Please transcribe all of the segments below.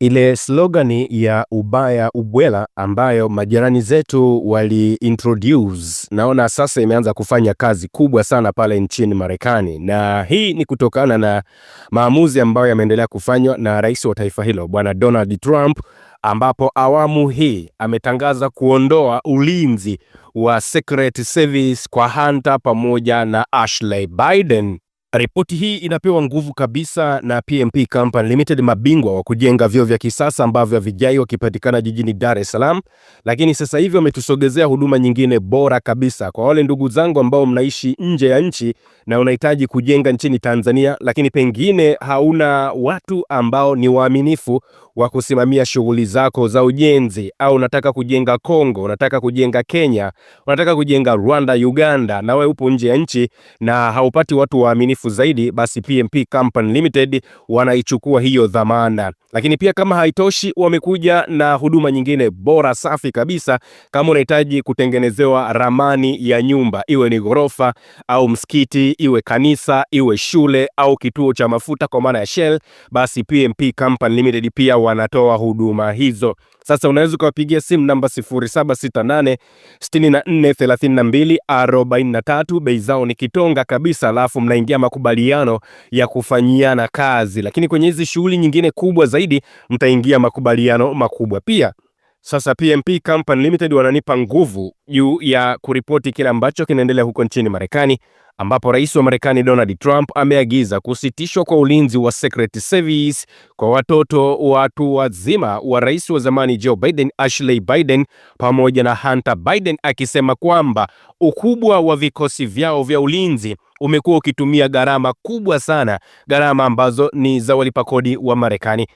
ile slogani ya ubaya ubwela ambayo majirani zetu wali introduce, naona sasa imeanza kufanya kazi kubwa sana pale nchini Marekani, na hii ni kutokana na maamuzi ambayo yameendelea kufanywa na rais wa taifa hilo Bwana Donald Trump, ambapo awamu hii ametangaza kuondoa ulinzi wa Secret Service kwa Hunter pamoja na Ashley Biden Ripoti hii inapewa nguvu kabisa na PMP Company Limited, mabingwa wa kujenga vyoo vya kisasa ambavyo havijai wakipatikana jijini Dar es Salaam, lakini sasa hivi wametusogezea huduma nyingine bora kabisa. Kwa wale ndugu zangu ambao mnaishi nje ya nchi na unahitaji kujenga nchini Tanzania, lakini pengine hauna watu ambao ni waaminifu wa kusimamia shughuli zako za ujenzi, au unataka kujenga Kongo, unataka kujenga Kenya, unataka kujenga Rwanda, Uganda, na wewe upo nje ya nchi na haupati watu waaminifu uangalifu zaidi, basi PMP Company Limited wanaichukua hiyo dhamana. Lakini pia kama haitoshi, wamekuja na huduma nyingine bora safi kabisa. Kama unahitaji kutengenezewa ramani ya nyumba, iwe ni ghorofa au msikiti, iwe kanisa, iwe shule au kituo cha mafuta kwa maana ya Shell, basi PMP Company Limited pia wanatoa huduma hizo. Sasa unaweza ukawapigia simu namba 0768643243 Bei zao ni kitonga kabisa, alafu mnaingia makubaliano ya kufanyiana kazi, lakini kwenye hizi shughuli nyingine kubwa zaidi mtaingia makubaliano makubwa pia. Sasa PMP Company Limited wananipa nguvu juu ya kuripoti kile ambacho kinaendelea huko nchini Marekani, ambapo rais wa Marekani Donald Trump ameagiza kusitishwa kwa ulinzi wa Secret Service kwa watoto watu wazima wa rais wa zamani Joe Biden, Ashley Biden pamoja na Hunter Biden, akisema kwamba ukubwa wa vikosi vyao vya ulinzi umekuwa ukitumia gharama kubwa sana, gharama ambazo ni za walipa kodi wa Marekani.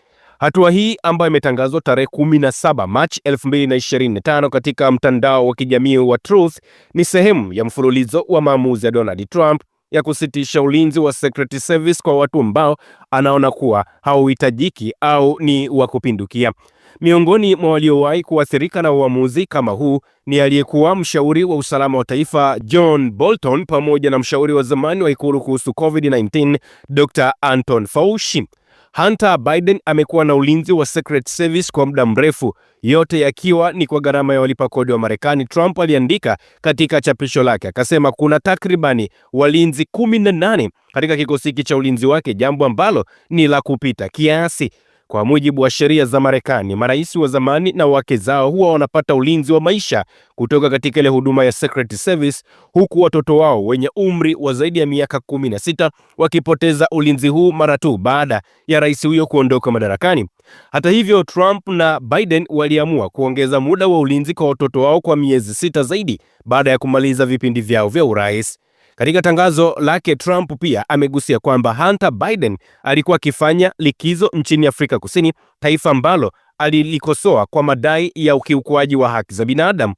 Hatua hii ambayo imetangazwa tarehe 17 Machi 2025 katika mtandao wa kijamii wa Truth ni sehemu ya mfululizo wa maamuzi ya Donald Trump ya kusitisha ulinzi wa Secret Service kwa watu ambao anaona kuwa hauhitajiki au ni wa kupindukia. Miongoni mwa waliowahi kuathirika na uamuzi kama huu ni aliyekuwa mshauri wa usalama wa taifa John Bolton pamoja na mshauri wa zamani wa ikulu kuhusu COVID-19 Dr. Anton Fauci. Hunter Biden amekuwa na ulinzi wa Secret Service kwa muda mrefu, yote yakiwa ni kwa gharama ya walipa kodi wa Marekani. Trump aliandika katika chapisho lake, akasema kuna takribani walinzi 18 katika kikosi hiki cha ulinzi wake, jambo ambalo ni la kupita kiasi. Kwa mujibu wa sheria za Marekani, marais wa zamani na wake zao huwa wanapata ulinzi wa maisha kutoka katika ile huduma ya Secret Service, huku watoto wao wenye umri wa zaidi ya miaka kumi sita wakipoteza ulinzi huu mara tu baada ya rais huyo kuondoka madarakani. Hata hivyo, Trump na Biden waliamua kuongeza muda wa ulinzi kwa watoto wao kwa miezi sita zaidi baada ya kumaliza vipindi vyao vya urais. Katika tangazo lake, Trump pia amegusia kwamba Hunter Biden alikuwa akifanya likizo nchini Afrika Kusini, taifa ambalo alilikosoa kwa madai ya ukiukwaji wa haki za binadamu.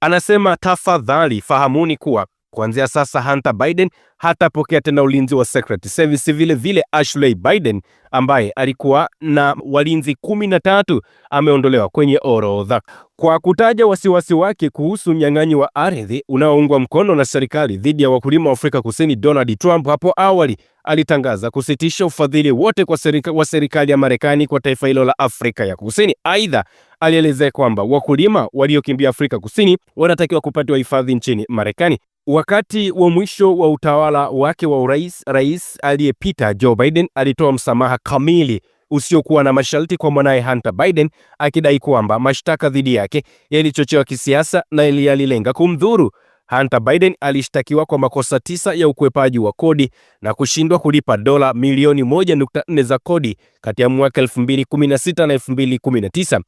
Anasema, tafadhali fahamuni kuwa Kuanzia sasa Hunter Biden hatapokea tena ulinzi wa Secret Service. Vile vile Ashley Biden ambaye alikuwa na walinzi kumi na tatu ameondolewa kwenye orodha kwa kutaja wasiwasi wake kuhusu mnyang'anyi wa ardhi unaoungwa mkono na serikali dhidi ya wakulima wa Afrika Kusini. Donald Trump hapo awali alitangaza kusitisha ufadhili wote kwa serika, wa serikali ya Marekani kwa taifa hilo la Afrika ya Kusini. Aidha, alielezea kwamba wakulima waliokimbia Afrika Kusini wanatakiwa kupatiwa hifadhi nchini Marekani. Wakati wa mwisho wa utawala wake wa urais, rais aliyepita Joe Biden alitoa msamaha kamili usiokuwa na masharti kwa mwanaye Hunter Biden akidai kwamba mashtaka dhidi yake yalichochewa kisiasa na yalilenga kumdhuru. Hunter Biden alishtakiwa kwa makosa tisa ya ukwepaji wa kodi na kushindwa kulipa dola milioni 1.4 za kodi kati ya mwaka 2016 na 2019.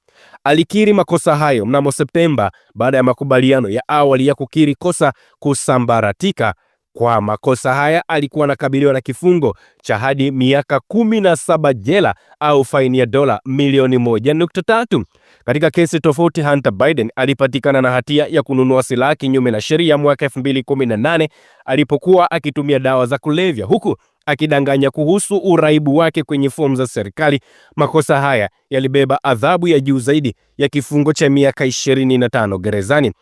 Alikiri makosa hayo mnamo Septemba baada ya makubaliano ya awali ya kukiri kosa kusambaratika. Kwa makosa haya alikuwa anakabiliwa na kifungo cha hadi miaka kumi na saba jela au faini ya dola milioni moja nukta tatu. Katika kesi tofauti, Hunter Biden alipatikana na hatia ya kununua silaha kinyume na sheria mwaka 2018 alipokuwa akitumia dawa za kulevya huku akidanganya kuhusu uraibu wake kwenye fomu za serikali. Makosa haya yalibeba adhabu ya juu zaidi ya kifungo cha miaka 25 gerezani.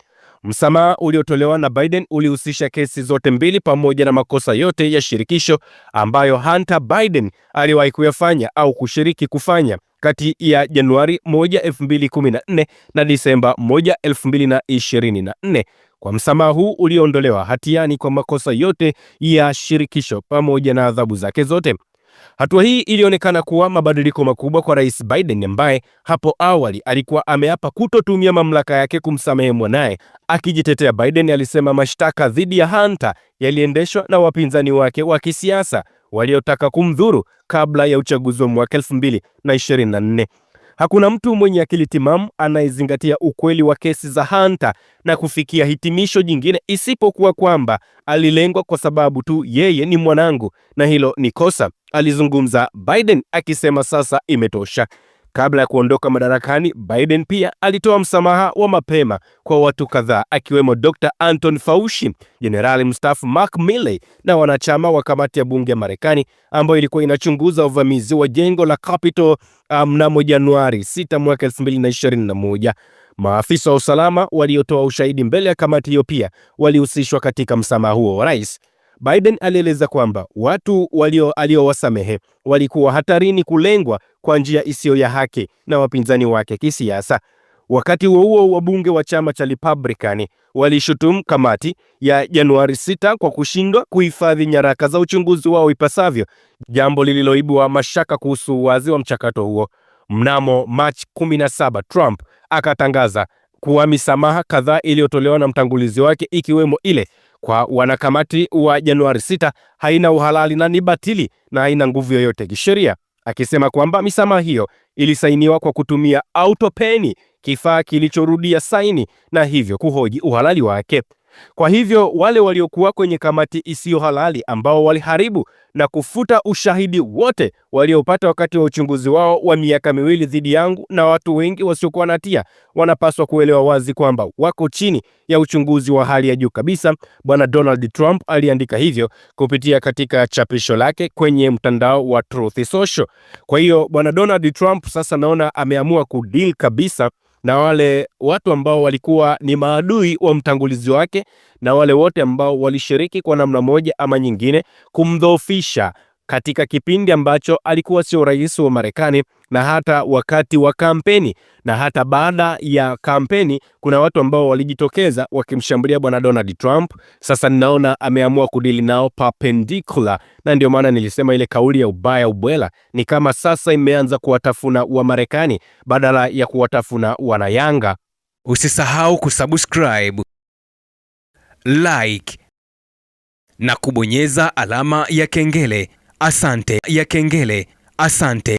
Msamaha uliotolewa na Biden ulihusisha kesi zote mbili pamoja na makosa yote ya shirikisho ambayo Hunter Biden aliwahi kuyafanya au kushiriki kufanya kati ya Januari 1, 2014 na Disemba 1, 2024. Kwa msamaha huu uliondolewa hatiani kwa makosa yote ya shirikisho pamoja na adhabu zake zote. Hatua hii ilionekana kuwa mabadiliko makubwa kwa Rais Biden ambaye hapo awali alikuwa ameapa kutotumia mamlaka yake kumsamehe mwanaye. Akijitetea, Biden alisema mashtaka dhidi ya Hunter yaliendeshwa na wapinzani wake wa kisiasa waliotaka kumdhuru kabla ya uchaguzi wa mwaka 2024. Hakuna mtu mwenye akili timamu anayezingatia ukweli wa kesi za Hunter na kufikia hitimisho jingine isipokuwa kwamba alilengwa kwa sababu tu yeye ni mwanangu, na hilo ni kosa, alizungumza Biden akisema sasa imetosha. Kabla ya kuondoka madarakani, Biden pia alitoa msamaha wa mapema kwa watu kadhaa akiwemo Dr. Anton Fauci, jenerali mstaafu Mark Milley na wanachama wa kamati ya bunge ya Marekani ambayo ilikuwa inachunguza uvamizi wa jengo la Capitol uh, mnamo um, Januari 6 mwaka 2021. Maafisa wa usalama waliotoa ushahidi mbele ya kamati hiyo pia walihusishwa katika msamaha huo wa rais. Biden alieleza kwamba watu walio aliowasamehe walikuwa hatarini kulengwa kwa njia isiyo ya haki na wapinzani wake kisiasa. Wakati huo huo, wabunge wa chama cha Republican walishutumu kamati ya Januari 6 kwa kushindwa kuhifadhi nyaraka za uchunguzi wao ipasavyo, jambo lililoibua mashaka kuhusu uwazi wa mchakato huo. Mnamo Machi 17, Trump akatangaza kuwa misamaha kadhaa iliyotolewa na mtangulizi wake ikiwemo ile kwa wanakamati wa Januari 6 haina uhalali na ni batili na haina nguvu yoyote kisheria, akisema kwamba misamaha hiyo ilisainiwa kwa kutumia autopeni, kifaa kilichorudia saini, na hivyo kuhoji uhalali wake. Kwa hivyo wale waliokuwa kwenye kamati isiyo halali ambao waliharibu na kufuta ushahidi wote waliopata wakati wa uchunguzi wao wa miaka miwili dhidi yangu na watu wengi wasiokuwa na hatia wanapaswa kuelewa wazi kwamba wako chini ya uchunguzi wa hali ya juu kabisa. Bwana Donald Trump aliandika hivyo kupitia katika chapisho lake kwenye mtandao wa Truth Social. Kwa hiyo Bwana Donald Trump sasa naona ameamua kudeal kabisa na wale watu ambao walikuwa ni maadui wa mtangulizi wake na wale wote ambao walishiriki kwa namna moja ama nyingine kumdhoofisha katika kipindi ambacho alikuwa sio rais wa Marekani na hata wakati wa kampeni na hata baada ya kampeni, kuna watu ambao walijitokeza wakimshambulia bwana Donald Trump. Sasa ninaona ameamua kudili nao perpendicular, na ndio maana nilisema ile kauli ya ubaya ubwela ni kama sasa imeanza kuwatafuna wa Marekani badala ya kuwatafuna wanayanga. Usisahau kusubscribe, like na kubonyeza alama ya kengele Asante ya kengele. Asante.